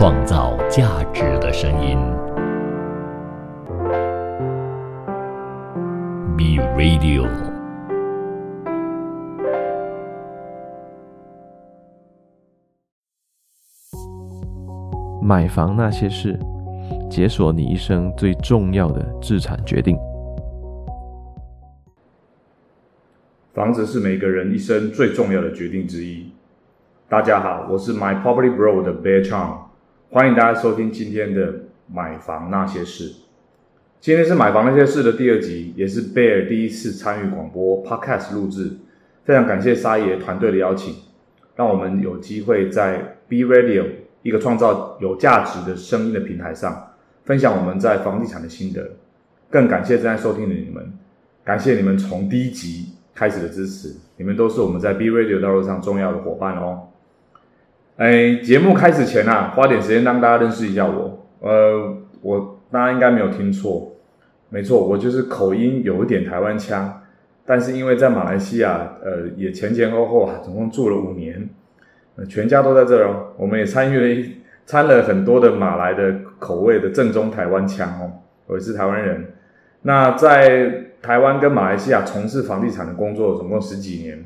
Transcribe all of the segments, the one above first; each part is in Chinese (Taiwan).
創造價值的聲音，Be Radio。買房那些事，解鎖你一生最重要的資產決定。房子是每個人一生最重要的決定之一。大家好，我是 My Property Bro 的 Bear Charm。歡迎大家收聽今天的《買房那些事》。今天是《買房那些事》的第二集，也是 Bear 第一次參與廣播 podcast 錄製。非常感謝沙爺團隊的邀請，讓我們有機會在 B Radio 一個創造有價值的聲音的平台上，分享我們在房地產的心得。更感謝正在收聽的你們，感謝你們從第一集開始的支持，你們都是我們在 B Radio 道路上重要的夥伴哦。哎，節目開始前啊，花點時間讓大家認識一下我。呃，我大家應該沒有聽錯，沒錯，我就是口音有一點台灣腔，但是因為在馬來西亞，呃，也前前後後啊，總共住了五年，呃，全家都在這兒哦。我們也參與了，參了很多的馬來的口味的正宗台灣腔哦，我也是台灣人。那在台灣跟馬來西亞從事房地產的工作，總共十幾年。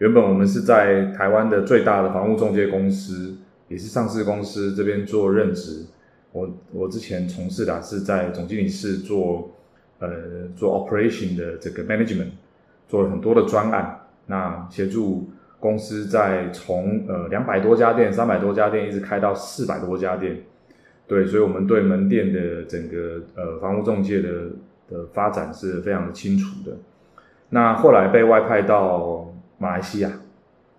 原本我們是在台灣的最大的房屋仲介公司，也是上市公司這邊做任職。我我之前從事的是在總經理室做，呃，做 operation 的這個 management，做了很多的專案，那協助公司在從呃兩百多家店、三百多家店，一直開到四百多家店。對，所以我們對門店的整個呃房屋仲介的的發展是非常的清楚的。那後來被外派到。馬來西亞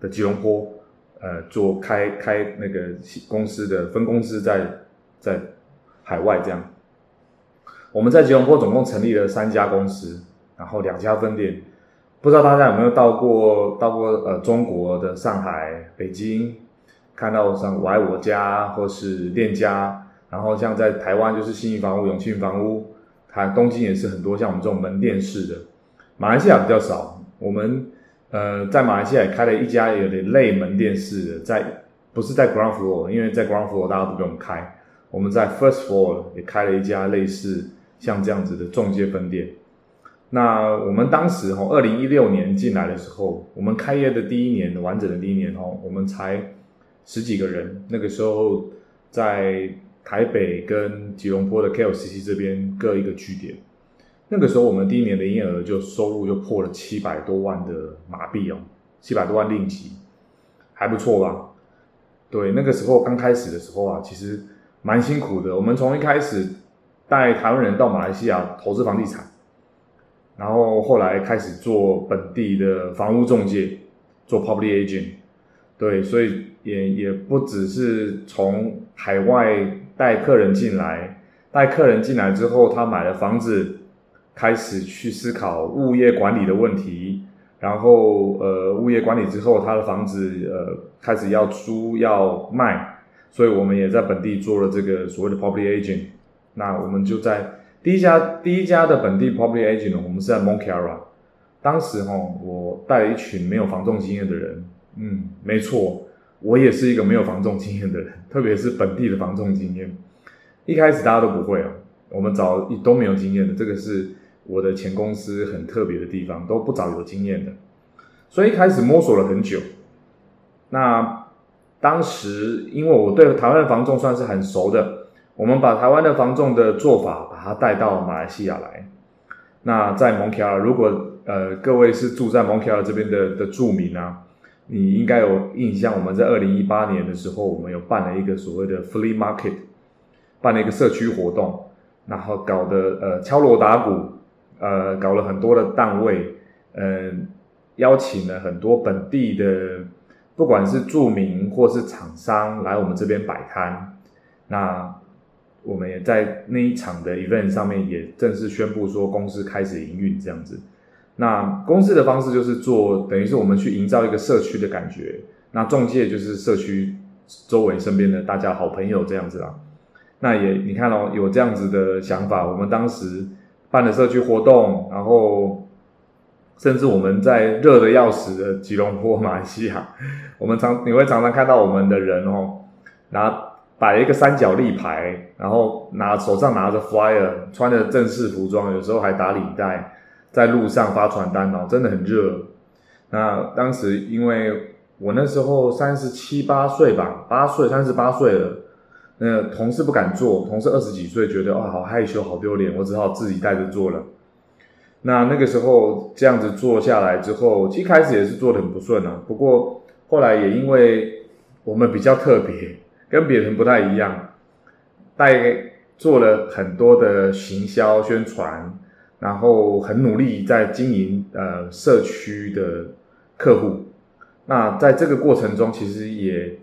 的吉隆坡，呃，做開開那個公司的分公司在在海外這樣。我們在吉隆坡總共成立了三家公司，然後兩家分店。不知道大家有沒有到過到過呃中國的上海、北京，看到像我愛我家或是鏈家，然後像在台灣就是信義房屋、永慶房屋，它東京也是很多像我們這種門店式的，馬來西亞比較少。我們。呃，在馬來西亞也開了一家有點類門店式的，在不是在 ground floor，因為在 ground floor 大家都不用開，我們在 first floor 也開了一家類似像這樣子的中介分店。那我們當時哈，二零一六年進來的時候，我們開業的第一年，完整的第一年哈，我們才十幾個人，那個時候在台北跟吉隆坡的 KLCC 這邊各一個據點。那個時候，我們第一年的營業額就收入就破了七百多萬的馬幣哦，七百多萬令吉，還不錯吧？對，那個時候剛開始的時候啊，其實蠻辛苦的。我們從一開始帶台灣人到馬來西亞投資房地產，然後後來開始做本地的房屋中介，做 property agent。對，所以也也不只是從海外帶客人進來，帶客人進來之後，他買了房子。開始去思考物業管理的問題，然後呃，物業管理之後，他的房子呃開始要租要賣，所以我們也在本地做了這個所謂的 property agent。那我們就在第一家第一家的本地 property agent，我們是在 Mont Kiara。當時哈，我帶了一群沒有房仲經驗的人，嗯，沒錯，我也是一個沒有房仲經驗的人，特別是本地的房仲經驗，一開始大家都不會啊，我們找都沒有經驗的，這個是。我的前公司很特別的地方都不找有經驗的，所以一開始摸索了很久。那當時因為我對台灣的房仲算是很熟的，我們把台灣的房仲的做法把它帶到馬來西亞來。那在蒙皮爾，如果呃各位是住在蒙皮爾這邊的的住民啊，你應該有印象，我們在二零一八年的時候，我們有辦了一個所謂的 flea market，辦了一個社區活動，然後搞的呃敲鑼打鼓。呃，搞了很多的檔位，嗯、呃，邀請了很多本地的，不管是著名或是廠商來我們這邊擺攤。那我們也在那一場的 event 上面也正式宣布說公司開始營運這樣子。那公司的方式就是做，等於是我們去營造一個社區的感覺。那中介就是社區周圍身邊的大家好朋友這樣子啦。那也你看哦，有這樣子的想法，我們當時，辦的社區活動，然後甚至我們在熱的要死的吉隆坡、馬來西亞，我們常你會常常看到我們的人哦，拿擺一個三角立牌，然後拿手上拿着 flyer，穿着正式服裝，有時候還打領帶，在路上發傳單哦，真的很熱。那當時因為我那時候三十七八歲吧，八歲三十八歲了。那同事不敢做，同事二十幾歲，覺得哇、啊、好害羞，好丟臉，我只好自己帶着做了。那那個時候這樣子做下來之後，其實開始也是做的很不順啊。不過後來也因為我們比較特別，跟別人不太一樣，帶做了很多的行銷宣傳，然後很努力在經營呃社區的客戶。那在這個過程中，其實也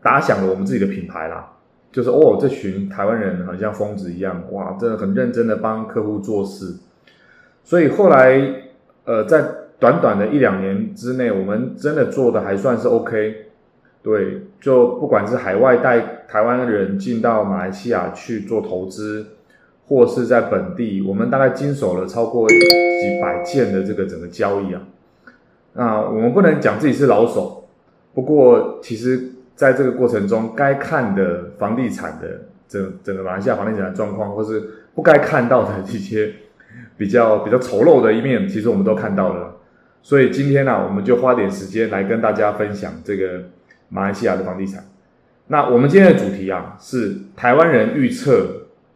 打響了我們自己的品牌啦。就是哦，這群台灣人好像瘋子一樣，哇，真的很認真的幫客戶做事。所以後來，呃，在短短的一兩年之內，我們真的做得還算是 OK。對，就不管是海外帶台灣人進到馬來西亞去做投資，或是在本地，我們大概經手了超過幾百件的這個整個交易啊。那我們不能講自己是老手，不過其實。在這個過程中，該看的房地產的整整個馬來西亞房地產的狀況，或是不該看到的一些比較比較醜陋的一面，其實我們都看到了。所以今天呢、啊，我們就花點時間來跟大家分享這個馬來西亞的房地產。那我們今天的主題啊，是台灣人預測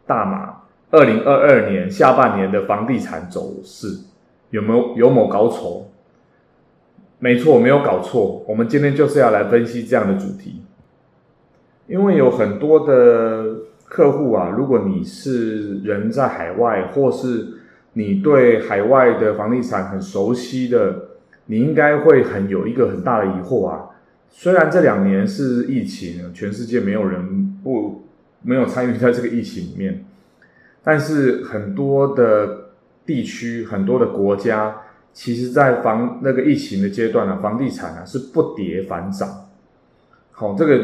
大馬二零二二年下半年的房地產走勢有沒有，有沒有搞錯？沒錯，我沒有搞錯。我們今天就是要來分析這樣的主題，因為有很多的客戶啊，如果你是人在海外，或是你對海外的房地產很熟悉的，你應該會很有一個很大的疑惑啊。雖然這兩年是疫情，全世界沒有人不，沒有參與在這個疫情裡面，但是很多的地區，很多的國家，其實，在房那個疫情的階段呢，房地產啊是不跌反漲。好，這個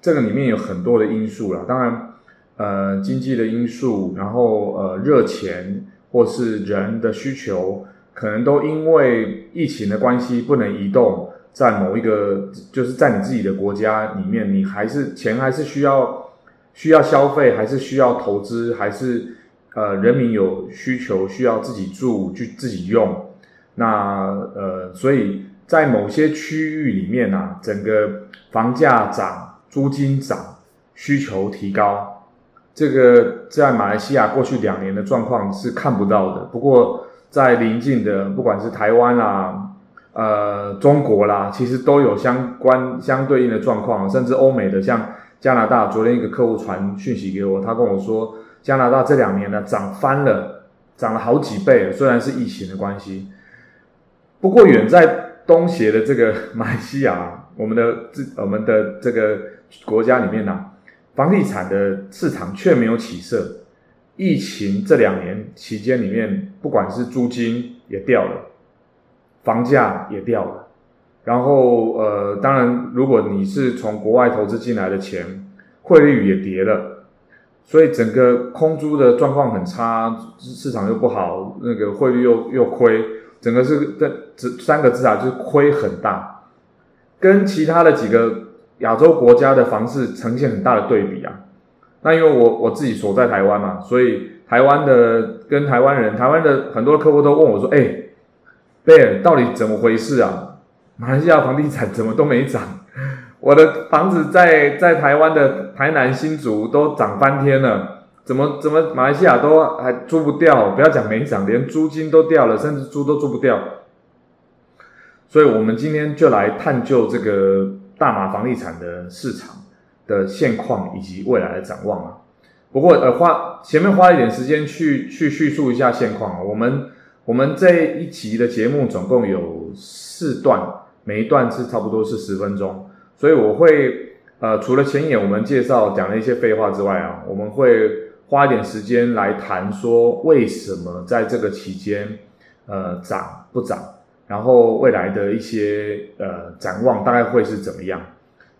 這個裡面有很多的因素啦，當然，呃，經濟的因素，然後呃，熱錢或是人的需求，可能都因為疫情的關係不能移動，在某一個就是在你自己的國家裡面，你還是錢還是需要需要消費，還是需要投資，還是呃，人民有需求需要自己住去自己用。那呃，所以在某些區域裡面呢、啊，整個房價漲、租金漲、需求提高，這個在馬來西亞過去兩年的狀況是看不到的。不過在臨近的，不管是台灣啦、啊、呃中國啦，其實都有相關相對應的狀況、啊，甚至歐美的像加拿大，昨天一個客戶傳訊息給我，他跟我說加拿大這兩年呢、啊、漲翻了，漲了好幾倍了，雖然是疫情的關係。不過，遠在東協的這個馬來西亞啊，我們的這我們的這個國家裡面呢啊，房地產的市場卻沒有起色。疫情這兩年期間裡面，不管是租金也掉了，房價也掉了。然後，呃，當然，如果你是從國外投資進來的錢，匯率也跌了，所以整個空租的狀況很差，市場又不好，那個匯率又又虧，整個是這三個字啊，就是虧很大，跟其他的幾個亞洲國家的房市呈現很大的對比啊。那因為我我自己所在台灣嘛，所以台灣的跟台灣人，台灣的很多客戶都問我說：“哎，Bear，到底怎麼回事啊？馬來西亞房地產怎麼都沒漲？我的房子在在台灣的台南新竹都漲翻天了，怎麼怎麼馬來西亞都還租不掉？不要講沒漲，連租金都掉了，甚至租都租不掉。”所以，我們今天就來探究這個大馬房地產的市場的現況以及未來的展望啊。不過，呃，花前面花一點時間去去敘述一下現況啊。我們我們這一集的節目總共有四段，每一段是差不多是十分鐘。所以，我會呃，除了前眼我們介紹講了一些廢話之外啊，我們會花一點時間來談說為什麼在這個期間，呃，漲不漲？然後未來的一些呃展望大概會是怎麼樣？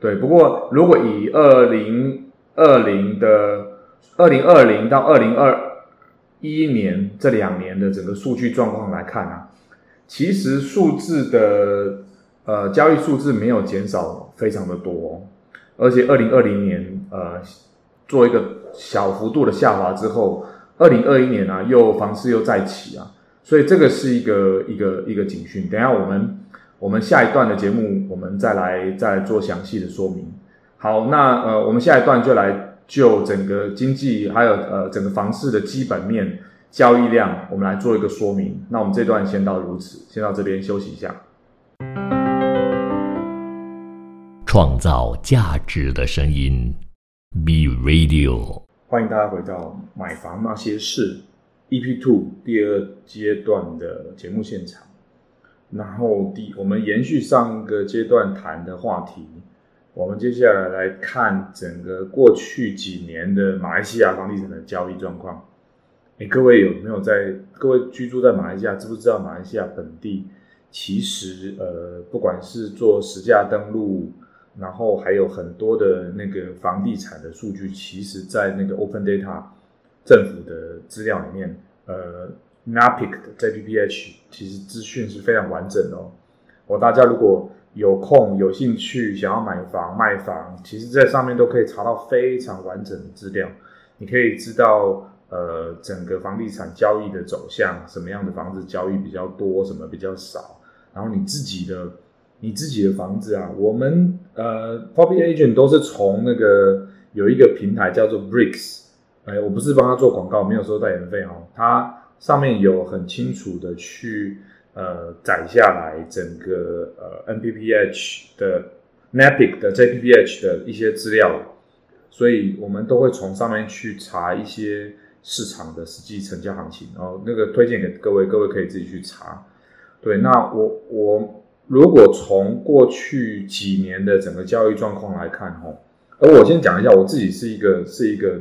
對，不過如果以二零二零的二零二零到二零二一年這兩年的整個數據狀況來看啊，其實數字的呃交易數字沒有減少非常的多哦，而且二零二零年呃做一個小幅度的下滑之後，二零二一年呢，啊，又房市又再起啊。所以這個是一個一個一個警訊。等一下我們我們下一段的節目，我們再來再來做詳細的說明。好，那呃，我們下一段就來就整個經濟還有呃整個房市的基本面、交易量，我們來做一個說明。那我們這段先到如此，先到這邊休息一下。創造價值的聲音，B Radio，歡迎大家回到《買房那些事》。EP Two 第二階段的節目現場，然後第我們延續上個階段談的話題，我們接下來來看整個過去幾年的馬來西亞房地產的交易狀況。誒，各位有沒有在各位居住在馬來西亞，知不知道馬來西亞本地其實呃，不管是做實價登錄，然後還有很多的那個房地產的數據，其實，在那個 Open Data，政府的資料裡面，呃，NAPIC 的 JPPH 其實資訊是非常完整的哦。我大家如果有空有興趣，想要買房賣房，其實在上面都可以查到非常完整的資料。你可以知道，呃，整個房地產交易的走向，什麼樣的房子交易比較多，什麼比較少。然後你自己的你自己的房子啊，我們呃 Property Agent 都是從那個有一個平台叫做 Bricks。哎，我不是幫他做廣告，沒有收代言費哦，他上面有很清楚的去呃載下來整個呃 NPPH 的 NAPIC 的 JPPH 的一些資料，所以我們都會從上面去查一些市場的實際成交行情。然後那個推薦給各位，各位可以自己去查。對，那我我如果從過去幾年的整個交易狀況來看哈、哦，而我先講一下，我自己是一個是一個。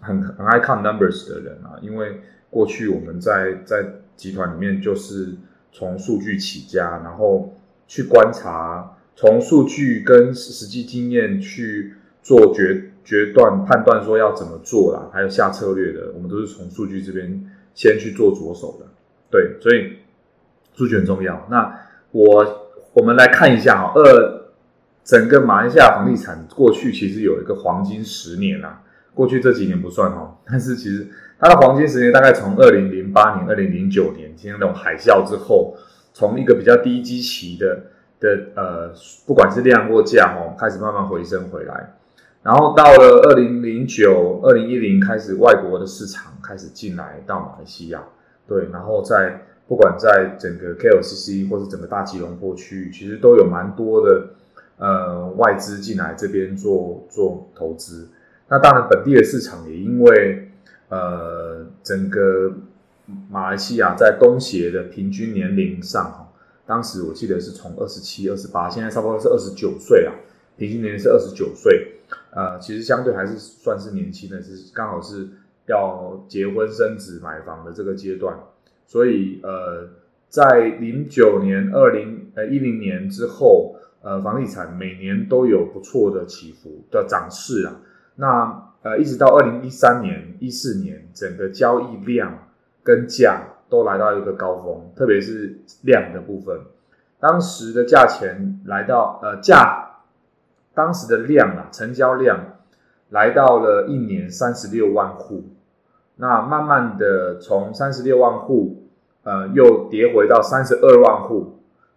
很很愛看 numbers 的人啊，因為過去我們在在集團裡面就是從數據起家，然後去觀察，從數據跟實際經驗去做決決斷判斷說要怎麼做啦，還有下策略的，我們都是從數據這邊先去做着手的。對，所以數據很重要。那我我們來看一下啊、哦，呃，整個馬來西亞房地產過去其實有一個黃金十年啊。過去這幾年不算哦，但是其實它的黃金十年大概從二零零八年、二零零九年，今天那種海嘯之後，從一個比較低基期的的呃，不管是量或價哦，開始慢慢回升回來。然後到了二零零九、二零一零開始，外國的市場開始進來到馬來西亞，對，然後在不管在整個 KLCC 或是整個大吉隆坡區域，其實都有蠻多的呃外資進來這邊做做投資。那當然，本地的市場也因為，呃，整個馬來西亞在東協的平均年齡上，哈，當時我記得是從二十七、二十八，現在差不多是二十九歲了，平均年齡是二十九歲，呃，其實相對還是算是年輕的，是剛好是要結婚、生子、買房的這個階段，所以，呃，在零九年 20,、呃、二零呃一零年之後，呃，房地產每年都有不錯的起伏的漲勢啊。那呃，一直到二零一三年、一四年，整個交易量跟價都來到一個高峰，特別是量的部分。當時的價錢來到呃價，當時的量啊，成交量來到了一年三十六萬戶。那慢慢的從三十六萬戶，呃，又跌回到三十二萬戶。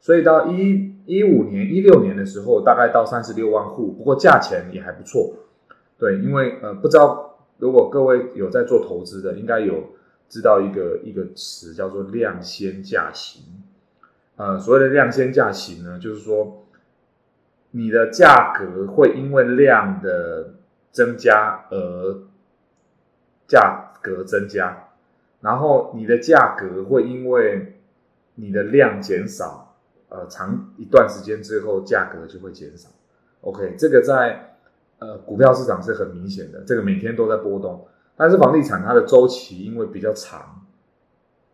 所以到一一五年、一六年的時候，大概到三十六萬戶，不過價錢也還不錯。對，因為呃，不知道如果各位有在做投資的，應該有知道一個一個詞叫做“量先價行”。呃，所謂的“量先價行”呢，就是說你的價格會因為量的增加而價格增加，然後你的價格會因為你的量減少，呃，長一段時間之後價格就會減少。OK，這個在。呃，股票市場是很明顯的，這個每天都在波動。但是房地產它的周期因為比較長，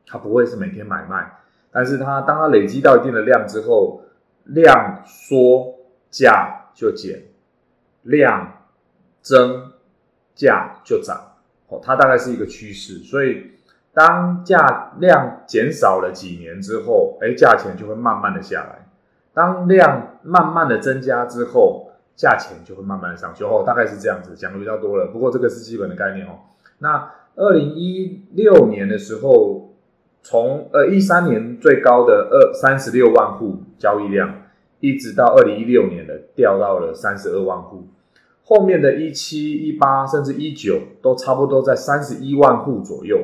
它不會是每天買賣，但是它當它累積到一定的量之後，量縮價就減，量增價就漲，哦，它大概是一個趨勢。所以當價量減少了幾年之後，誒，價錢就會慢慢的下來。當量慢慢的增加之後。價錢就會慢慢上去哦，大概是這樣子，講的比較多了。不過這個是基本的概念哦。那二零一六年的時候，從呃一三年最高的二三十六萬戶交易量，一直到二零一六年的掉到了三十二萬戶，後面的一七、一八甚至一九都差不多在三十一萬戶左右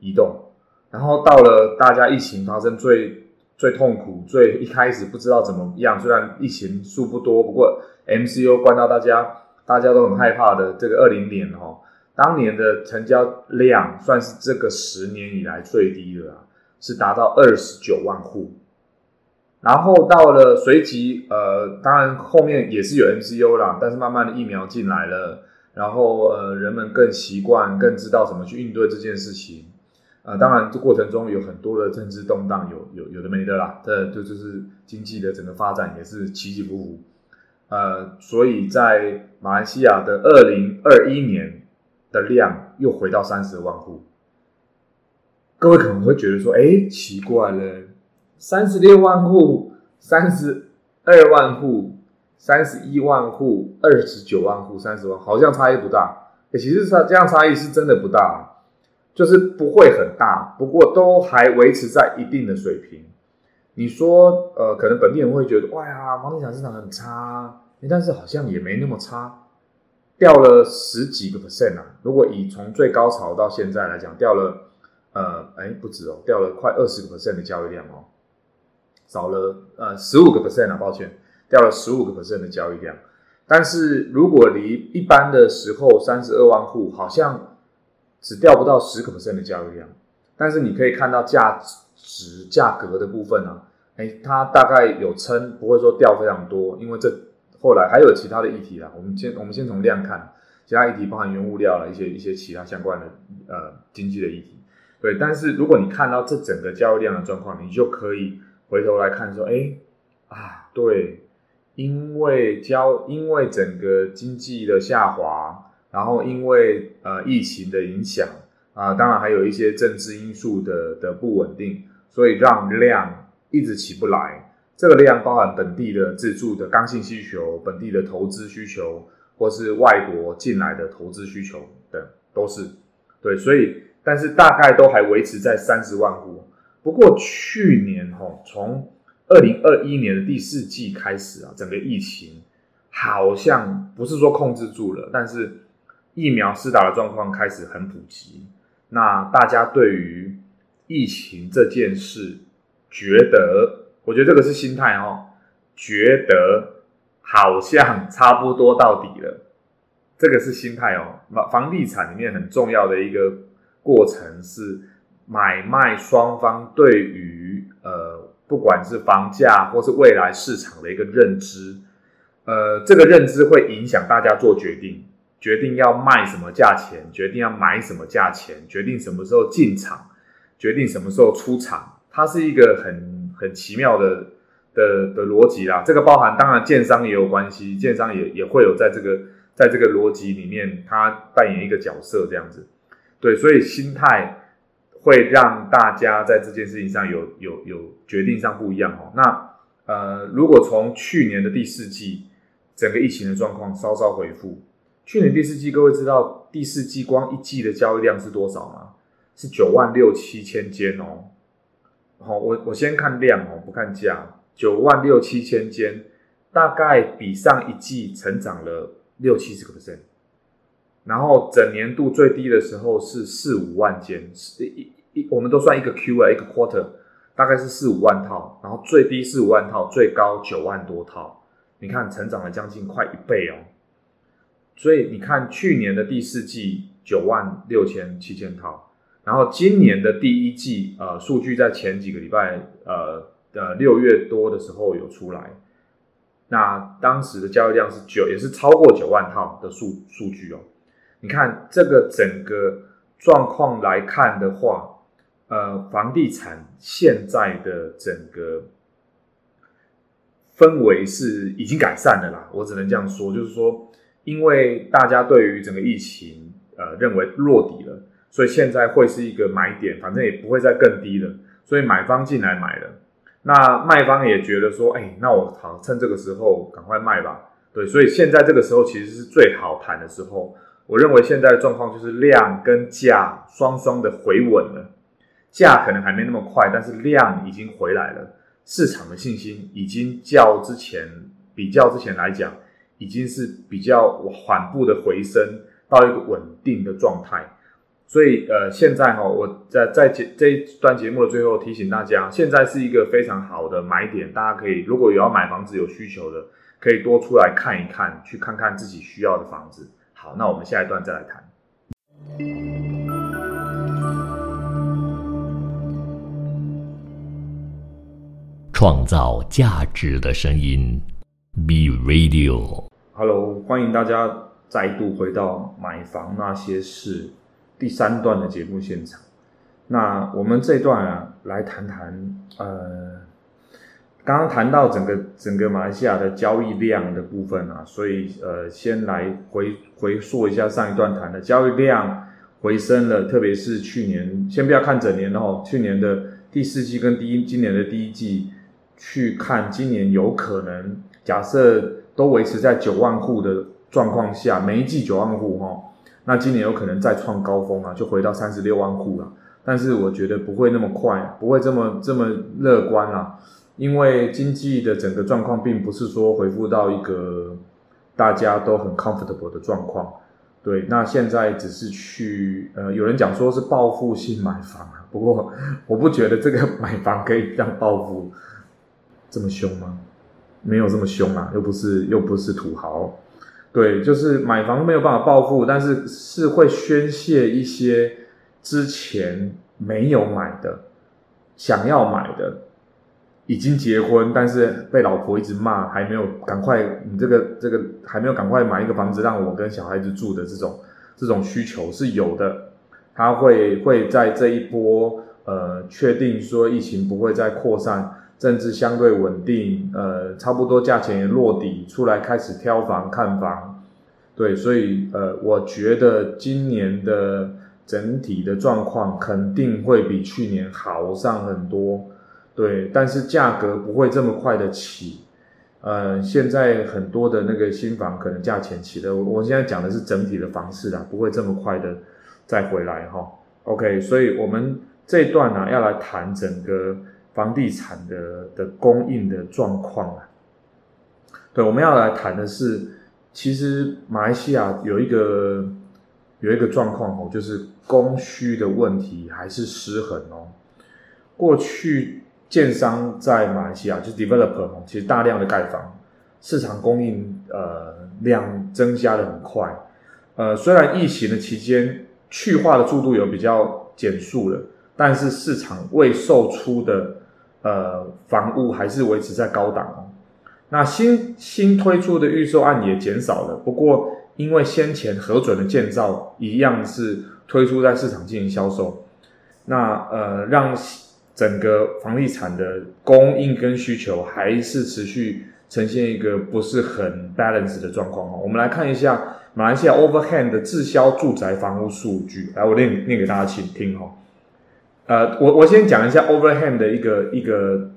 移動，然後到了大家疫情發生最。最痛苦，最一開始不知道怎麼樣。雖然疫情數不多，不過 MCO 關到大家，大家都很害怕的這個二零年哦，當年的成交量算是這個十年以來最低的了啦，是達到二十九萬戶。然後到了隨即，呃，當然後面也是有 MCO 啦，但是慢慢的疫苗進來了，然後呃，人們更習慣，更知道怎麼去應對這件事情。啊、呃，當然這過程中有很多的政治動盪，有有有的沒的啦。這、呃、這就，就是經濟的整個發展也是起起伏伏，呃，所以在馬來西亞的二零二一年的量又回到三十萬戶。各位可能會覺得說，哎，奇怪了，三十六萬戶、三十二萬戶、三十一萬戶、二十九萬戶、三十萬，好像差異不大。誒，其實差，這樣差異是真的不大。就是不會很大，不過都還維持在一定的水平。你說，呃，可能本地人會覺得，哇、哎呀，房地產市場很差，但是好像也沒那麼差。掉了十幾個 percent 啊！如果以從最高潮到現在來講，掉了，呃，誒不止哦，掉了快二十個 percent 的交易量哦，少了呃十五個 percent 啊，抱歉，掉了十五個 percent 的交易量。但是如果離一般的時候三十二萬戶，好像。只掉不到十可 e r 的交易量，但是你可以看到價值價格的部分呢，啊，哎，欸，它大概有稱，不會說掉非常多，因為這後來還有其他的議題啊，我們先我們先從量看，其他議題包含原物料了一些一些其他相關的呃經濟的議題，對，但是如果你看到這整個交易量的狀況，你就可以回頭來看說，哎，欸，啊，對，因為交因為整個經濟的下滑。然後因為呃疫情的影響啊、呃，當然還有一些政治因素的的不穩定，所以讓量一直起不來。這個量包含本地的自住的剛性需求、本地的投資需求，或是外國進來的投資需求等，都是對。所以，但是大概都還維持在三十萬戶。不過去年吼、哦，從二零二一年的第四季開始啊，整個疫情好像不是說控制住了，但是。疫苗施打的狀況開始很普及，那大家對於疫情這件事覺得，我覺得這個是心態哦，覺得好像差不多到底了，這個是心態哦。房房地產裡面很重要的一個過程是買賣雙方對於呃不管是房價或是未來市場的一個認知，呃這個認知會影響大家做決定。決定要賣什麼價錢，決定要買什麼價錢，決定什麼時候進場，決定什麼時候出場，它是一個很很奇妙的的的邏輯啦。這個包含當然建商也有關係，建商也也會有在這個在這個邏輯裡面，它扮演一個角色這樣子。對，所以心態會讓大家在這件事情上有有有決定上不一樣哦。那呃，如果從去年的第四季，整個疫情的狀況稍稍恢復，去年第四季，各位知道第四季光一季的交易量是多少嗎？是九萬六七千間哦。好，哦，我我先看量哦，不看價。九萬六七千間，大概比上一季成長了六七十個 percent。然後整年度最低的時候是四五萬間，一一一，我們都算一個 Q 啊，一個 quarter，大概是四五萬套。然後最低四五萬套，最高九萬多套。你看，成長了將近快一倍哦。所以你看，去年的第四季九萬六千七千套，然後今年的第一季，呃，數據在前幾個禮拜，呃，呃六月多的時候有出來，那當時的交易量是九，也是超過九萬套的數數據哦。你看這個整個狀況來看的話，呃，房地產現在的整個氛圍是已經改善了啦，我只能這樣說，就是說。因為大家對於整個疫情，呃，認為落底了，所以現在會是一個買點，反正也不會再更低了，所以買方進來買了，那賣方也覺得說，哎，那我好趁這個時候趕快賣吧。對，所以現在這個時候其實是最好談的時候。我認為現在的狀況就是量跟價雙雙的回穩了，價可能還沒那麼快，但是量已經回來了，市場的信心已經較之前，比較之前來講已經是比較緩步的回升到一個穩定的狀態，所以呃，現在哈、哦，我在在節這一段節目的最後提醒大家，現在是一個非常好的買點，大家可以如果有要買房子有需求的，可以多出來看一看，去看看自己需要的房子。好，那我們下一段再來談。創造價值的聲音，Be Radio。Hello，歡迎大家再度回到《買房那些事》第三段的節目現場。那我們這一段啊，來談談，呃，剛剛談到整個整個馬來西亞的交易量的部分啊，所以呃，先來回回溯一下上一段談的交易量回升了，特別是去年，先不要看整年的哦，去年的第四季跟第一，今年的第一季去看，今年有可能假設。都維持在九萬戶的狀況下，每一季九萬戶哈、哦，那今年有可能再創高峰啊，就回到三十六萬戶了、啊。但是我覺得不會那麼快，不會這麼這麼樂觀啦、啊，因為經濟的整個狀況並不是說回復到一個大家都很 comfortable 的狀況。對，那現在只是去，呃，有人講說是報復性買房啊，不過我不覺得這個買房可以讓報復這麼凶嗎？沒有這麼凶啊，又不是又不是土豪，對，就是買房沒有辦法報復，但是是會宣洩一些之前沒有買的、想要買的，已經結婚但是被老婆一直罵還沒有趕快，你這個這個還沒有趕快買一個房子讓我跟小孩子住的這種這種需求是有的，他會會在這一波呃確定說疫情不會再擴散。政治相對穩定，呃，差不多價錢也落底出來開始挑房看房，對，所以呃，我覺得今年的整體的狀況肯定會比去年好上很多，對，但是價格不會這麼快的起，呃，現在很多的那個新房可能價錢起的，我現在講的是整體的房市啦，不會這麼快的再回來哈、哦，OK，所以我們這段呢、啊、要來談整個。房地產的的供應的狀況啊，對，我們要來談的是，其實馬來西亞有一個有一個狀況哦，就是供需的問題還是失衡哦。過去建商在馬來西亞就是 developer 哦，其實大量的蓋房，市場供應呃量增加的很快，呃，雖然疫情的期間去化的速度有比較減速了，但是市場未售出的。呃，房屋還是維持在高檔哦。那新新推出的預售案也減少了，不過因為先前核准的建造一樣是推出在市場進行銷售，那呃，讓整個房地產的供應跟需求還是持續呈現一個不是很 balance 的狀況哦。我們來看一下馬來西亞 overhang 的滯銷住宅房屋數據，來，我念念給大家請聽哦。呃，我我先講一下 overhang 的一個一個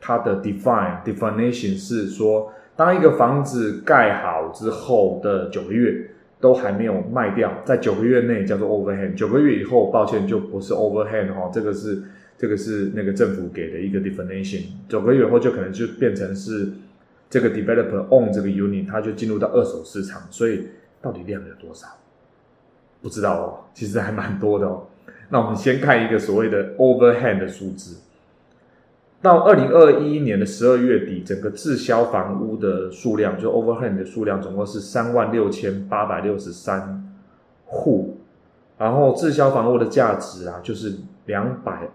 它的 define definition 是說，當一個房子蓋好之後的九個月都還沒有賣掉，在九個月內叫做 overhang，九個月以後抱歉就不是 overhang 哈、哦，這個是這個是那個政府給的一個 definition，九個月以後就可能就變成是這個 developer own 這個 unit，它就進入到二手市場，所以到底量有多少？不知道哦，其實還蠻多的哦。那我們先看一個所謂的 overhang 的數字，到二零二一年的十二月底，整個滯銷房屋的數量，就 overhang 的數量總共是三萬六千八百六十三戶，然後滯銷房屋的價值啊，就是兩百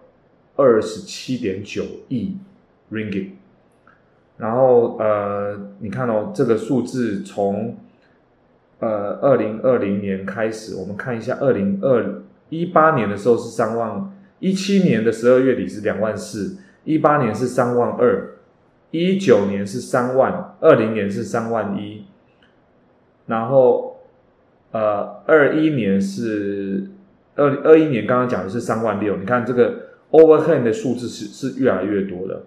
二十七點九億 ringgit，然後呃，你看哦，這個數字從呃二零二零年開始，我們看一下二零二。一八年的時候是三萬，一七年的十二月底是兩萬四，一八年是三萬二，一九年是三萬，二零年是三萬一，然後呃二一年是二零二一年剛剛講的是三萬六，你看這個 overhang 的數字是是越來越多的，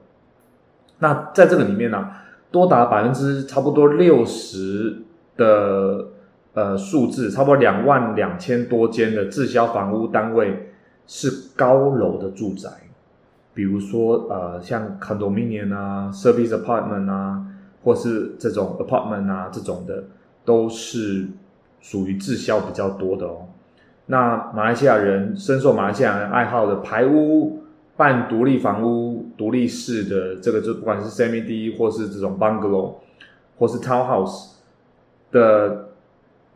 那在這個裡面呢、啊，多達百分之差不多六十的。呃，數字差不多兩萬兩千多間的滯銷房屋單位是高樓的住宅，比如說呃，像 condominium 啊、service apartment 啊，或是這種 apartment 啊這種的，都是屬於滯銷比較多的哦。那馬來西亞人深受馬來西亞人愛好的排屋、半獨立房屋、獨立式的這個，就不管是 semi D 或是這種 bungalow，或是 townhouse 的。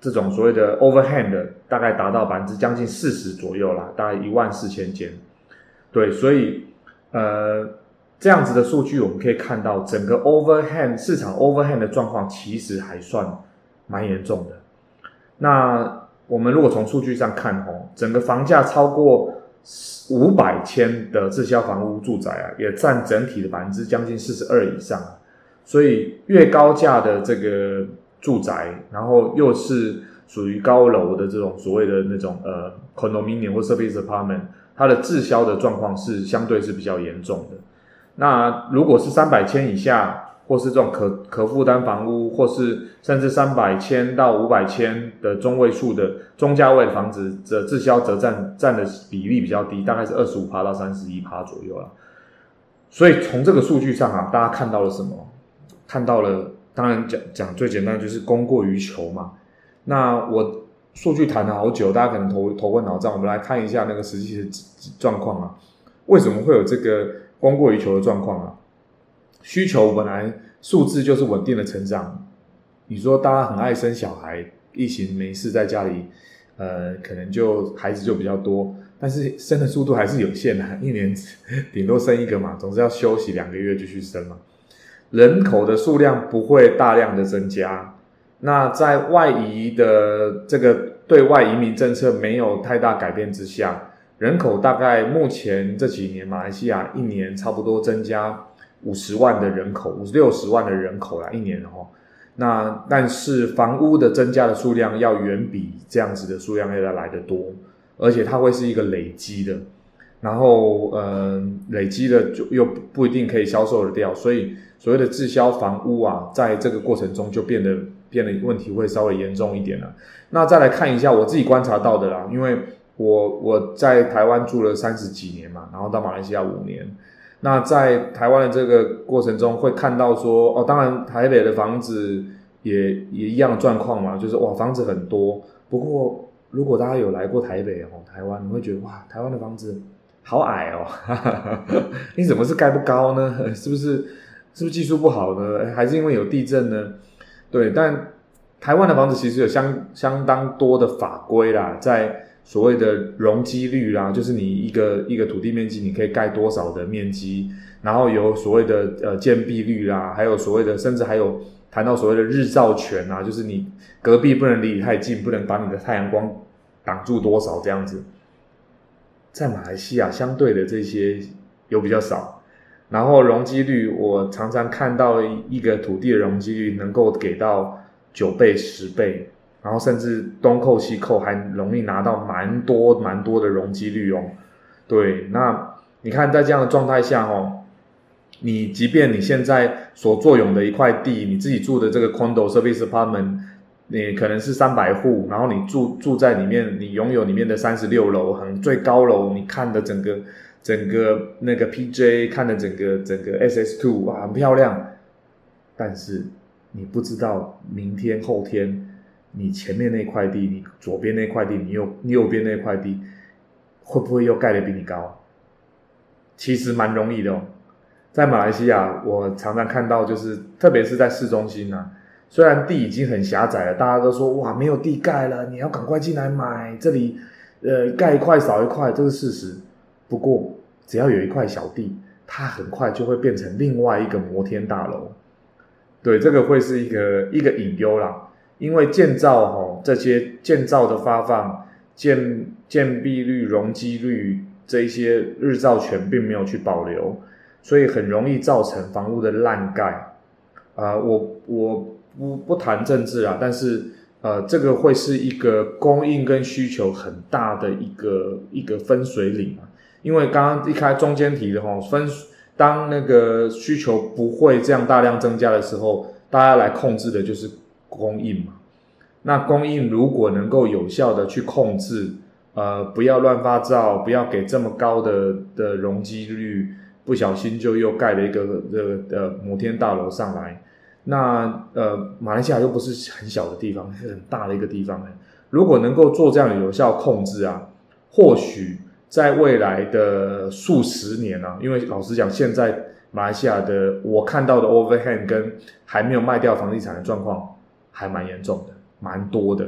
這種所謂的 overhang 大概達到百分之將近四十左右啦，大概一萬四千間。對，所以呃，這樣子的數據我們可以看到，整個 overhang 市場 overhang 的狀況其實還算蠻嚴重的。那我們如果從數據上看，吼整個房價超過五百千的滯銷房屋住宅啊，也占整體的百分之將近四十二以上。所以越高價的這個。住宅，然後又是屬於高樓的這種所謂的那種呃，condominium 或 service apartment，它的滯銷的狀況是相對是比較嚴重的。那如果是三百千以下，或是這種可可負擔房屋，或是甚至三百千到五百千的中位數的中價位的房子，則滯銷則占占的比例比較低，大概是二十五趴到三十一趴左右了。所以從這個數據上啊，大家看到了什麼？看到了。當然講，講講最簡單就是供過於求嘛。那我數據談了好久，大家可能頭頭昏腦脹。我們來看一下那個實際的狀況啊，為什麼會有這個供過於求的狀況啊？需求本來數字就是穩定的成長。你說大家很愛生小孩，疫情沒事在家裡，呃，可能就孩子就比較多，但是生的速度還是有限的、啊，一年 頂多生一個嘛，總是要休息兩個月就去生嘛。人口的數量不會大量的增加，那在外移的這個對外移民政策沒有太大改變之下，人口大概目前這幾年馬來西亞一年差不多增加五十萬的人口，五六十萬的人口啦，一年哦。那但是房屋的增加的數量要遠比這樣子的數量要來得多，而且它會是一個累積的，然後嗯、呃、累積的就又不一定可以銷售得掉，所以。所謂的滯銷房屋啊，在這個過程中就變得變得問題會稍微嚴重一點了。那再來看一下我自己觀察到的啦，因為我我在台灣住了三十幾年嘛，然後到馬來西亞五年。那在台灣的這個過程中會看到說，哦，當然台北的房子也也一樣的狀況嘛，就是哇，房子很多。不過如果大家有來過台北哦，台灣，你會覺得哇，台灣的房子好矮哦， 你怎麼是蓋不高呢？是不是？是不是技術不好呢？還是因為有地震呢？對，但台灣的房子其實有相相當多的法規啦，在所謂的容積率啦，就是你一個一個土地面積你可以蓋多少的面積，然後有所謂的呃建蔽率啦，還有所謂的甚至還有談到所謂的日照權啊，就是你隔壁不能離你太近，不能把你的太陽光擋住多少這樣子，在馬來西亞相對的這些有比較少。然後容積率，我常常看到一個土地的容積率能夠給到九倍、十倍，然後甚至東扣西扣還容易拿到蠻多蠻多的容積率哦。對，那你看在這樣的狀態下哦，你即便你現在所坐擁的一塊地，你自己住的這個 condo service apartment，你可能是三百戶，然後你住住在裡面，你擁有裡面的三十六樓，很最高樓，你看的整個。整個那個 PJ 看的整個整個 SS2 哇，很漂亮，但是你不知道明天後天你前面那塊地，你左邊那塊地，你右你右邊那塊地會不會又蓋得比你高？其實蠻容易的，哦，在馬來西亞我常常看到，就是特別是在市中心啊，雖然地已經很狹窄了，大家都說哇，沒有地蓋了，你要趕快進來買這裡，呃，蓋一塊少一塊，這是事實。不過只要有一塊小地，它很快就會變成另外一個摩天大樓。對，這個會是一個一個隱憂啦，因為建造哦，這些建造的發放、建建蔽率、容積率這一些日照權並沒有去保留，所以很容易造成房屋的濫蓋。啊、呃，我我，我不不談政治啊，但是呃，這個會是一個供應跟需求很大的一個一個分水嶺。因為剛剛一開中間提的吼，分，當那個需求不會這樣大量增加的時候，大家來控制的就是供應嘛。那供應如果能夠有效的去控制，呃，不要亂發照，不要給這麼高的的容積率，不小心就又蓋了一個呃的摩天大樓上來。那呃，馬來西亞又不是很小的地方，是很大的一個地方。如果能夠做這樣的有效的控制啊，或許。在未來的數十年呢、啊，因為老實講，現在馬來西亞的我看到的 overhang 跟還沒有賣掉房地產的狀況還蠻嚴重的，蠻多的。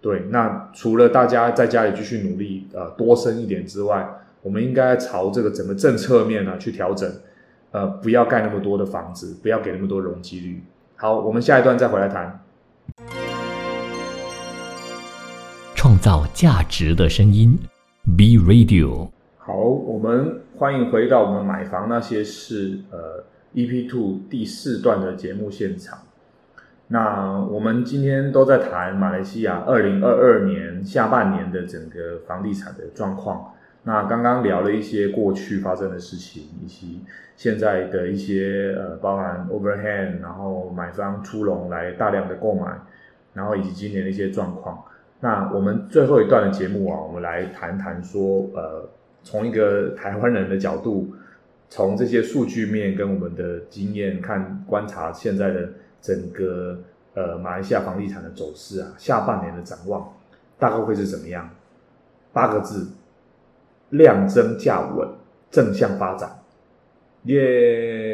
對，那除了大家在家裡繼續努力，呃，多生一點之外，我們應該朝這個整個政策面呢、啊、去調整，呃，不要蓋那麼多的房子，不要給那麼多容積率。好，我們下一段再回來談。創造價值的聲音。B Radio。好，我們歡迎回到我們買房那些事呃 EP Two 第四段的節目現場。那我們今天都在談馬來西亞二零二二年下半年的整個房地產的狀況。那剛剛聊了一些過去發生的事情，以及現在的一些呃，包含 Overhang，然後買方出籠來大量的購買，然後以及今年的一些狀況。那我們最後一段的節目啊，我們來談談說，呃，從一個台灣人的角度，從這些數據面跟我們的經驗看，觀察現在的整個呃馬來西亞房地產的走勢啊，下半年的展望，大概會是怎麼樣？八個字：量增價穩，正向發展。耶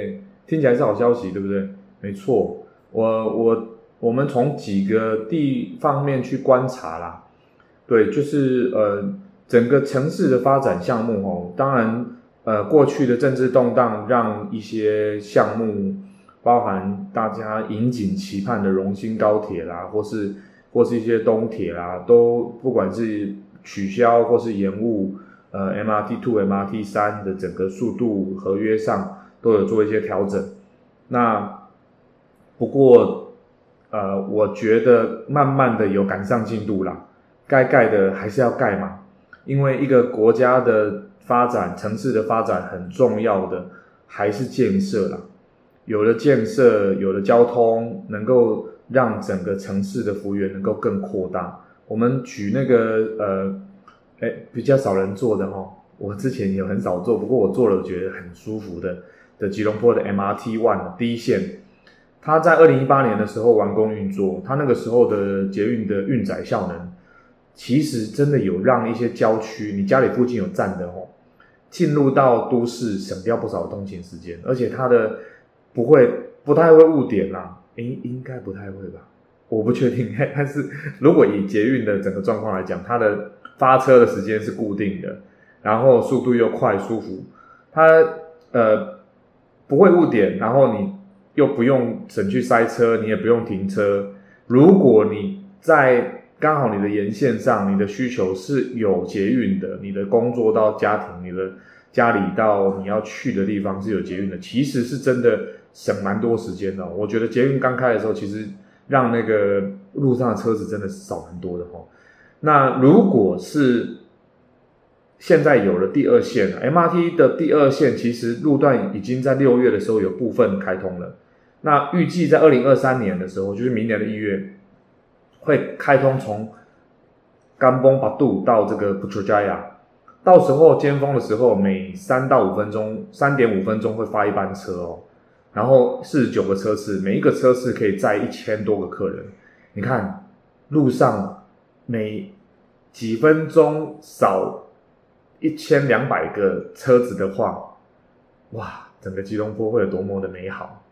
，yeah，聽起來是好消息，對不對？沒錯，我我。我們從幾個地方面去觀察啦，對，就是呃，整個城市的發展項目哦，當然呃，過去的政治動盪讓一些項目，包含大家引頸期盼的榮新高鐵啦，或是或是一些東鐵啦，都不管是取消或是延誤，呃，MRT Two、MRT 三的整個速度合約上都有做一些調整。那不過。呃，我覺得慢慢的有趕上進度啦，該蓋的還是要蓋嘛，因為一個國家的發展，城市的發展很重要的還是建設啦。有了建設，有了交通，能夠讓整個城市的幅員，能夠更擴大。我們舉那個呃，哎，比較少人做的哦，我之前也很少做，不過我做了，覺得很舒服的，的吉隆坡的 MRT One 第一線。他在二零一八年的時候完工運作，他那個時候的捷運的運載效能，其實真的有讓一些郊區，你家裡附近有站的哦，進入到都市省掉不少的通勤時間，而且它的不會不太會誤點啦，欸、應應該不太會吧？我不確定，但是如果以捷運的整個狀況來講，它的發車的時間是固定的，然後速度又快舒服，它呃不會誤點，然後你。又不用省去塞車，你也不用停車。如果你在剛好你的沿線上，你的需求是有捷運的，你的工作到家庭，你的家裡到你要去的地方是有捷運的，其實是真的省蠻多時間的。我覺得捷運剛開的時候，其實讓那個路上的車子真的是少蠻多的哈。那如果是現在有了第二線，MRT 的第二線，其實路段已經在六月的時候有部分開通了。那預計在二零二三年的時候，就是明年的一月，會開通從甘榜巴杜到這個 Putrajaya，到時候尖峰的時候，每三到五分鐘，三點五分鐘會發一班車哦，然後四十九個車次，每一個車次可以載一千多個客人。你看路上每幾分鐘少一千兩百個車子的話，哇，整個吉隆坡會有多麼的美好！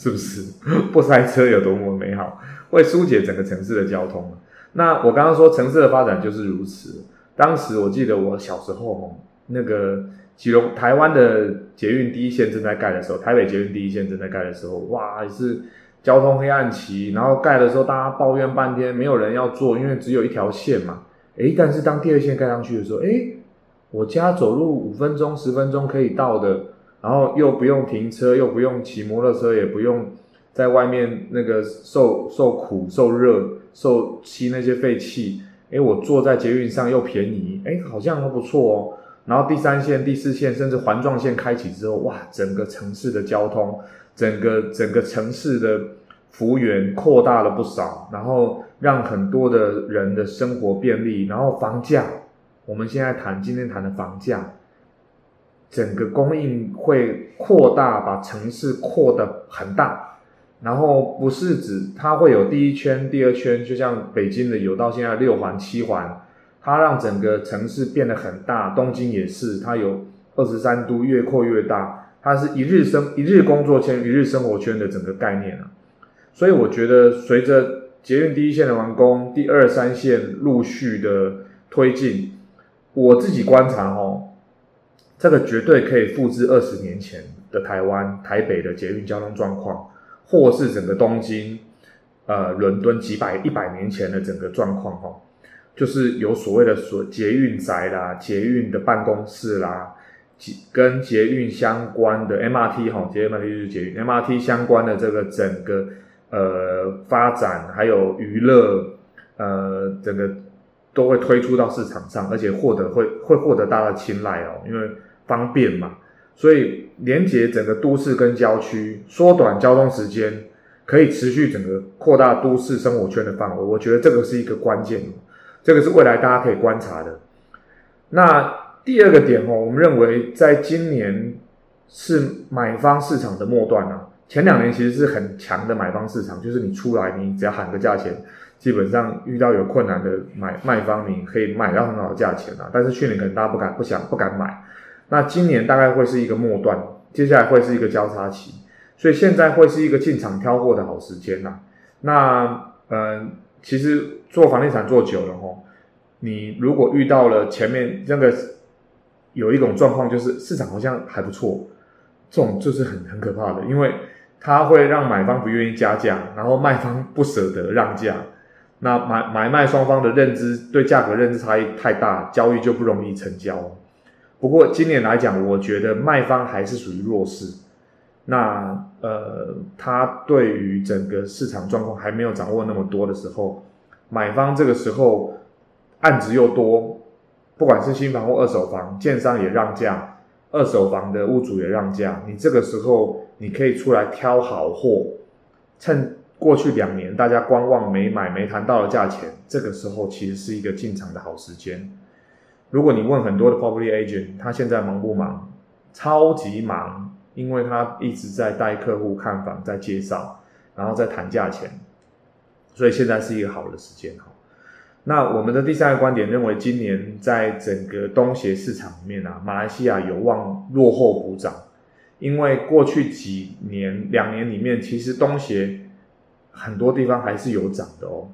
是不是不塞車有多麼美好？會疏解整個城市的交通啊。那我剛剛說城市的發展就是如此。當時我記得我小時候，那個吉隆台灣的捷運第一線正在蓋的時候，台北捷運第一線正在蓋的時候，哇，也是交通黑暗期。然後蓋的時候大家抱怨半天，沒有人要坐，因為只有一條線嘛。哎，但是當第二線蓋上去的時候，哎，我家走路五分鐘、十分鐘可以到的。然後又不用停車，又不用騎摩托車，也不用在外面那個受受苦、受熱、受吸那些廢氣。誒，我坐在捷運上又便宜，誒，好像都不錯哦。然後第三線、第四線甚至環狀線開啟之後，哇，整個城市的交通，整個整個城市的幅員擴大了不少，然後讓很多的人的生活便利，然後房價，我們現在談今天談的房價。整個供應會擴大，把城市擴得很大，然後不是指它會有第一圈、第二圈，就像北京的有到現在六環、七環，它讓整個城市變得很大。東京也是，它有二十三都，越擴越大。它是一日生、一日工作圈、一日生活圈的整個概念啊。所以我覺得，隨着捷運第一線的完工，第二、三線陸續的推進，我自己觀察哦。這個絕對可以複製二十年前的台灣台北的捷運交通狀況，或是整個東京、呃倫敦幾百一百年前的整個狀況哈、哦，就是有所謂的所捷運宅啦、捷運的辦公室啦，捷跟捷運相關的 MRT 哈、哦，捷運 MRT 就是捷運 MRT 相關的這個整個呃發展，還有娛樂呃整個都會推出到市場上，而且獲得會會獲得大家青睞哦，因為。方便嘛，所以連接整個都市跟郊區，縮短交通時間，可以持續整個擴大都市生活圈的範圍。我覺得這個是一個關鍵，這個是未來大家可以觀察的。那第二個點哦，我們認為在今年是買方市場的末段啊。前兩年其實是很強的買方市場，就是你出來，你只要喊個價錢，基本上遇到有困難的買賣方，你可以買到很好的價錢啊。但是去年可能大家不敢、不想、不敢買。那今年大概會是一個末段，接下來會是一個交叉期，所以現在會是一個進場挑貨的好時間呐、啊。那嗯、呃、其實做房地產做久了哦，你如果遇到了前面那個有一種狀況，就是市場好像還不錯，這種就是很很可怕的，因為它會讓買方不願意加價，然後賣方不捨得讓價，那買買賣雙方的認知對價格認知差異太大，交易就不容易成交。不過今年來講，我覺得賣方還是屬於弱勢。那呃，他對於整個市場狀況還沒有掌握那麼多的時候，買方這個時候案子又多，不管是新房或二手房，建商也讓價，二手房的屋主也讓價。你這個時候你可以出來挑好貨，趁過去兩年大家觀望沒買沒談到的價錢，這個時候其實是一個進場的好時間。如果你問很多的 property agent，他現在忙不忙？超級忙，因為他一直在帶客戶看房，在介紹，然後在談價錢，所以現在是一個好的時間哈。那我們的第三個觀點認為，今年在整個東協市場裡面啊，馬來西亞有望落後補漲，因為過去幾年兩年裡面，其實東協很多地方還是有漲的哦。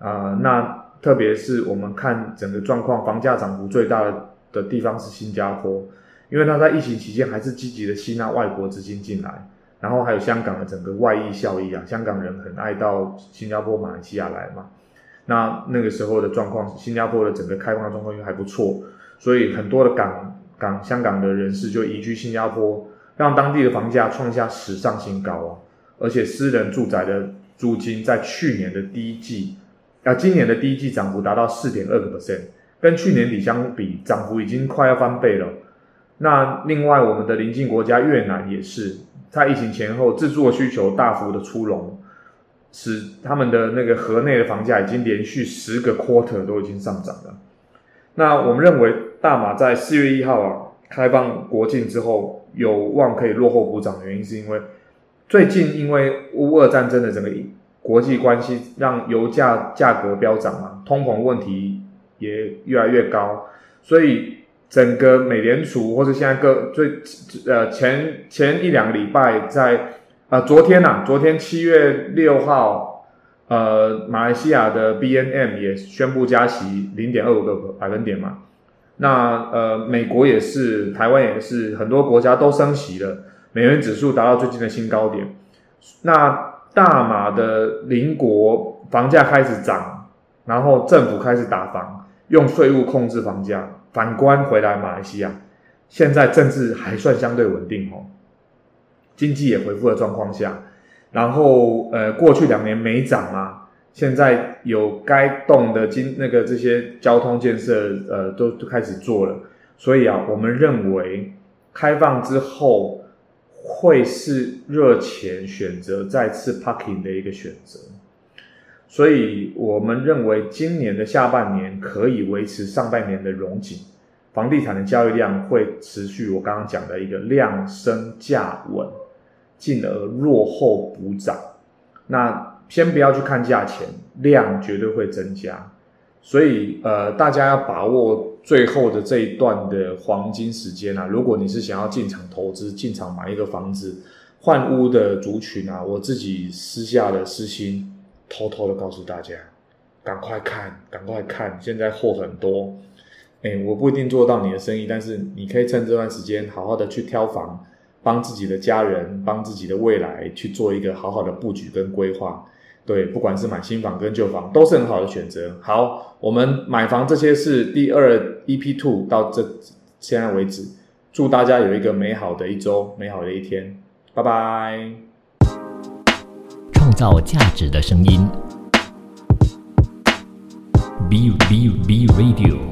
啊、呃，那。特別是我們看整個狀況，房價漲幅最大的地方是新加坡，因為它在疫情期間還是積極的吸納外國資金進來，然後還有香港的整個外溢效益啊，香港人很愛到新加坡、馬來西亞來嘛，那那個時候的狀況，新加坡的整個開放的狀況又還不錯，所以很多的港港香港的人士就移居新加坡，讓當地的房價創下史上新高啊，而且私人住宅的租金在去年的第一季。那、啊、今年的第一季漲幅達到四點二個 percent，跟去年底相比，漲幅已經快要翻倍了。那另外，我們的鄰近國家越南也是，在疫情前後，自住需求大幅的出籠，使他們的那個河內的房價已經連續十個 quarter 都已經上漲了。那我們認為，大馬在四月一號啊，開放國境之後，有望可以落後補漲，原因是因為最近因為烏俄戰爭的整個疫。國際關係讓油價價格飆漲嘛、啊，通膨問題也越來越高，所以整個美聯儲或者現在各最呃前前一兩個禮拜在啊昨天吶，昨天七、啊、月六號，呃，馬來西亞的 B N M 也宣布加息零點二五個百分點嘛，那呃美國也是，台灣也是，很多國家都升息了，美元指數達到最近的新高點，那。大馬的鄰國房價開始漲，然後政府開始打房，用稅務控制房價。反觀回來馬來西亞，現在政治還算相對穩定哦，經濟也回復的狀況下，然後呃過去兩年沒漲啊，現在有該動的經那個這些交通建設呃都都開始做了，所以啊，我們認為開放之後。會是熱錢選擇再次 parking 的一個選擇，所以我們認為今年的下半年可以維持上半年的榮景，房地產的交易量會持續我剛剛講的一個量升價穩，進而落後補漲。那先不要去看價錢，量絕對會增加，所以呃大家要把握。最後的這一段的黃金時間啊，如果你是想要進場投資、進場買一個房子換屋的族群啊，我自己私下的私心偷偷的告訴大家，趕快看，趕快看，現在貨很多，誒，我不一定做到你的生意，但是你可以趁這段時間好好的去挑房，幫自己的家人、幫自己的未來去做一個好好的布局跟規劃。對，不管是買新房跟舊房，都是很好的選擇。好，我們買房這些是第二。EP Two 到這，現在為止，祝大家有一個美好的一周，美好的一天，拜拜！創造價值的聲音，B B B Radio。